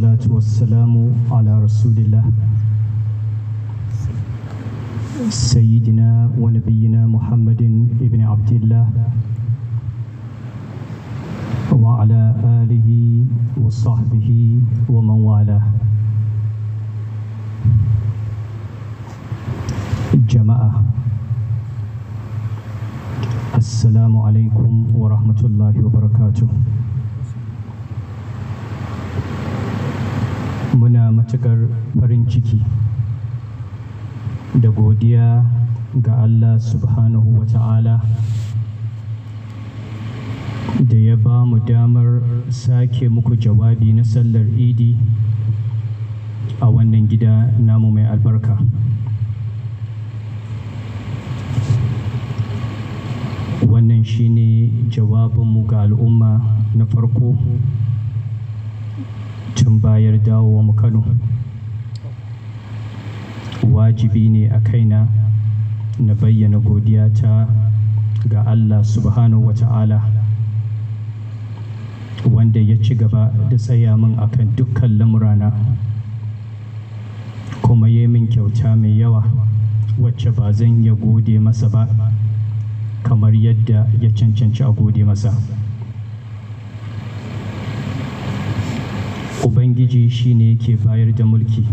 والصلاة والسلام على رسول الله سيدنا ونبينا محمد ابن عبد الله وعلى آله وصحبه ومن والاه جماعة السلام عليكم ورحمة الله وبركاته muna matuƙar farin ciki da godiya ga Allah subhanahu wa ta'ala da ya ba mu damar sake muku jawabi na sallar idi a wannan gida namu mai albarka wannan shine mu ga al'umma na farko tun bayar dawo mu kano wajibi ne a kaina na bayyana godiya ta ga allah subhanahu wa ta'ala wanda ya ci gaba da tsaya min akan dukkan lamurana kuma ya min kyauta mai yawa wacce ba zan ya gode masa ba kamar yadda ya cancanci a gode masa. ubangiji shi ne yake bayar da mulki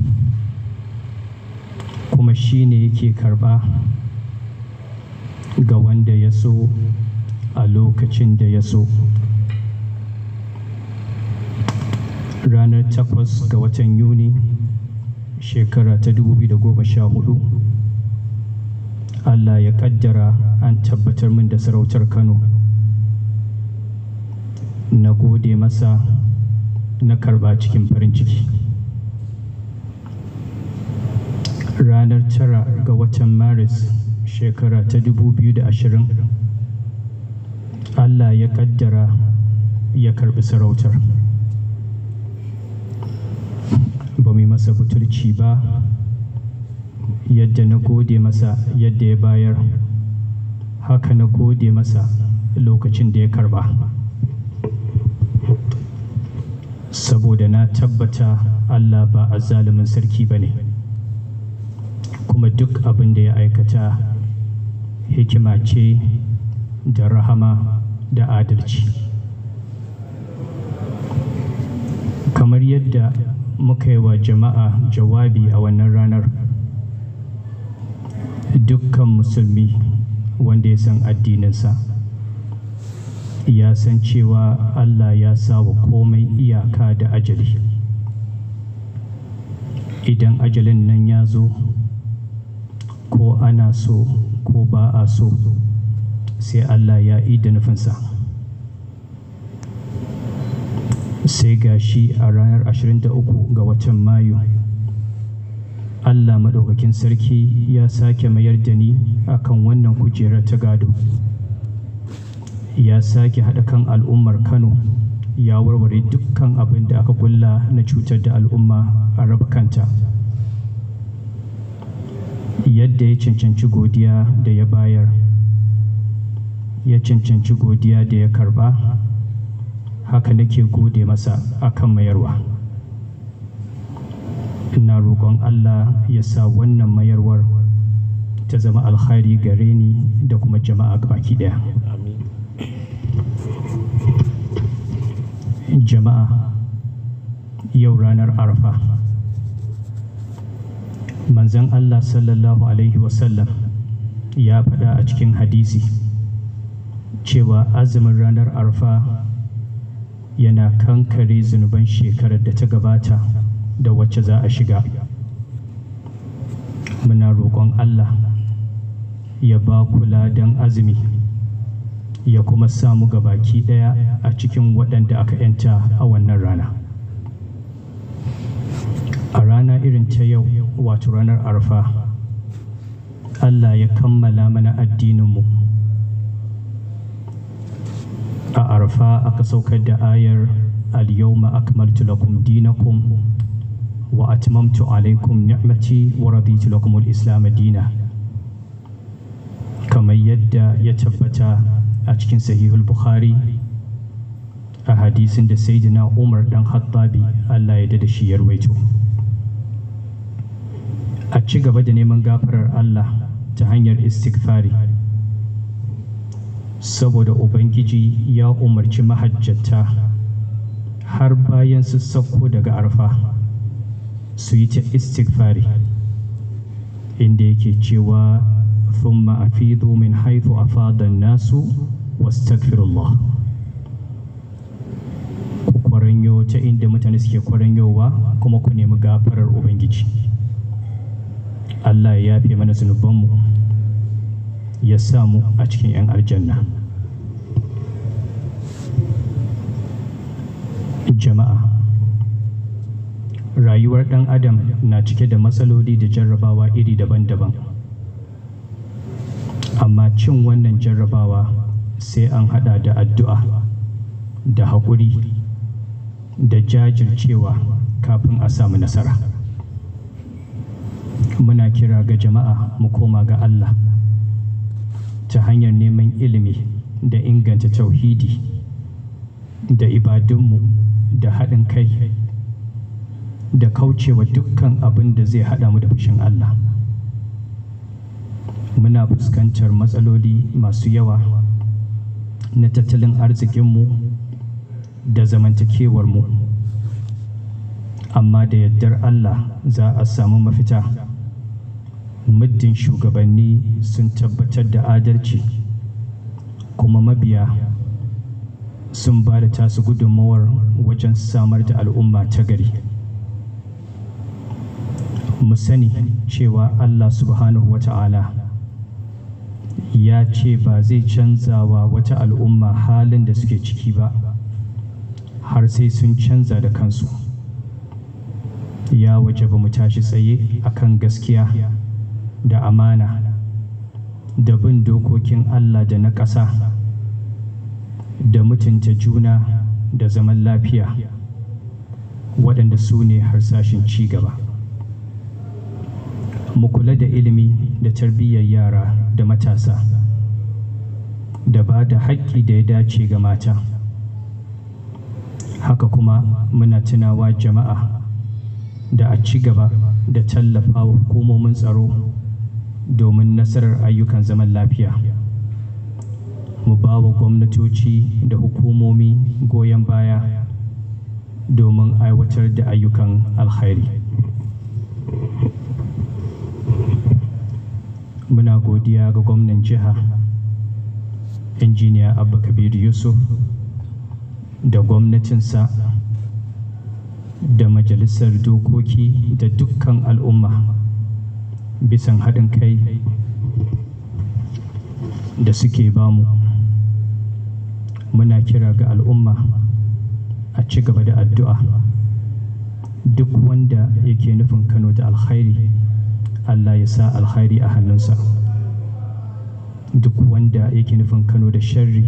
kuma shi ne yake karɓa ga wanda ya so a lokacin da ya so ranar takwas ga watan yuni shekara ta goma sha 2014 allah ya ƙaddara an tabbatar min da sarautar kano na gode masa na karba cikin farin ciki ranar tara ga watan maris shekara ta 2020 allah ya kaddara ya karbi sarautar ba mu masa butulci ba yadda na gode masa yadda ya bayar haka na gode masa lokacin da ya karba saboda na tabbata Allah ba a zalimin sarki ba ne kuma duk abin da ya aikata hikima ce da rahama da adalci kamar yadda muka yi wa jama'a jawabi a wannan ranar dukkan musulmi wanda ya san addininsa ya san cewa Allah ya sawa komai iyaka da ajali idan ajalin nan ya zo ko ana so ko ba a so sai Allah ya yi da nufinsa sai ga shi a ranar 23 ga watan mayu Allah maɗaukakin sarki ya sake mayar da ni akan wannan kujerar ta gado ya sake haɗa kan al'ummar kano ya warware dukkan abin da aka kulla na cutar da al'umma a raba kanta yadda ya cancanci godiya da ya bayar ya cancanci godiya da ya karba haka nake gode masa akan mayarwa ina roƙon allah ya sa wannan mayarwar ta zama alkhairi gare ni da kuma jama'a baki ɗaya jama'a yau ranar arfa manzan allah sallallahu alaihi wasallam ya faɗa a cikin hadisi cewa azumin ranar arfa yana kankare zunuban shekarar da ta gabata da wacce za a shiga muna roƙon allah ya ba kula don azumi ya kuma samu gabaki ɗaya a cikin waɗanda aka yanta a wannan rana a rana irin ta yau wato ranar arfa allah ya kammala mana addininmu a arfa aka saukar da ayar al-yawma akmaltu lakum dinakum wa atmamtu alaikum ni'mati wa raditu lakum al-islam dina kamar yadda ya tabbata a cikin sahihul bukhari a hadisin da sayyidina umar dan hattabi allah ya da shi ya ruwaito a ci gaba da neman gafarar allah ta hanyar istighfari saboda ubangiji ya umarci mahajjata har bayan su sauko daga arfa su yi ta istighfari inda yake cewa ثم أفيدوا من حيث أفاد الناس واستغفر الله kwaranyo ta inda mutane suke kwaranyowa kuma ku nemi gafarar ubangiji Allah ya fi mana zunubanmu ya samu a cikin 'yan aljanna jama'a rayuwar ɗan adam na cike da matsaloli da jarrabawa iri daban-daban amma cin wannan jarrabawa sai an hada da addu'a da haƙuri da jajircewa kafin a samu nasara muna kira ga jama'a mu koma ga Allah ta hanyar neman ilimi da inganta tauhidi da ibadunmu da haɗin kai da kaucewa dukkan abin da zai haɗa mu da fushin Allah muna fuskantar matsaloli masu yawa na tattalin arzikinmu da mu. amma da yardar Allah za a samu mafita muddin shugabanni sun tabbatar da adalci kuma mabiya sun ba da tasu gudunmawar wajen samar da al'umma ta gari mu sani cewa Allah subhanahu wa ta'ala ya ce ba zai canza wa wata al'umma halin da suke ciki ba har sai sun canza da kansu ya waje ba mu tashi tsaye akan gaskiya da amana da bin dokokin Allah da na ƙasa da mutunta juna da zaman lafiya waɗanda su ne harsashin ci gaba mu kula da ilimi da tarbiyyar yara da matasa da ba da haƙƙi da ya dace ga mata haka kuma muna tunawa jama'a da a ci gaba da tallafa wa hukumomin tsaro domin nasarar ayyukan zaman lafiya mu ba wa gwamnatoci da hukumomi goyon baya domin aiwatar da ayyukan alkhairi muna godiya ga gwamnan jiha injiniya abba kabir yusuf da gwamnatinsa da majalisar dokoki da dukkan al'umma bisan haɗin kai da suke bamu muna kira ga al'umma a ci gaba da addu'a duk wanda yake nufin kano da alkhairi Allah ya sa alkhairi a hannunsa duk wanda yake nufin Kano da sharri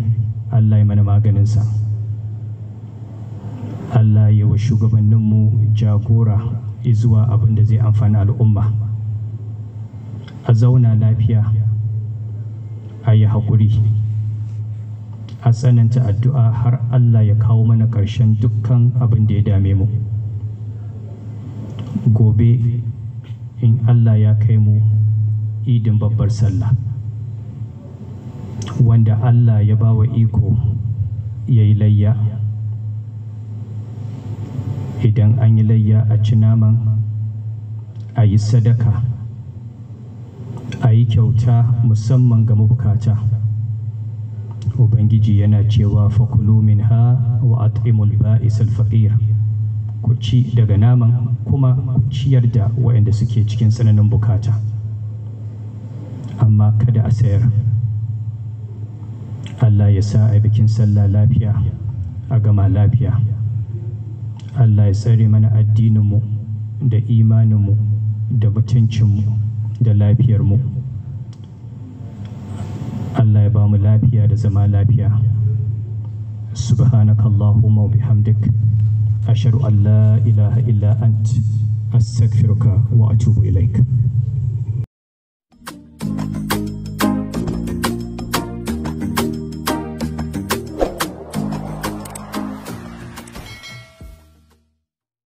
Allah ya mana maganinsa Allah ya wa shugabanninmu jagora zuwa abin da zai amfani al'umma a zauna lafiya a yi haƙuri a tsananta addu'a har Allah ya kawo mana ƙarshen dukkan abin da ya dame mu gobe in Allah ya kai mu idin babbar sallah wanda Allah ya ba wa iko ya yi layya idan an yi layya a ci naman a yi sadaka a yi kyauta musamman ga mabukata ubangiji yana cewa fakulu min ha wa at'imul ba'is al-faqir ku ci daga naman kuma ku ciyar da waɗanda suke cikin tsananin bukata amma kada a sayar Allah ya sa a bikin sallah lafiya a gama lafiya Allah ya tsare mana addininmu da imaninmu da mutuncinmu da lafiyarmu Allah ya ba mu lafiya da zama lafiya subhanakallahumma wa hamdik. ashhadu an la ilaha illa ant astaghfiruka wa atubu ilaik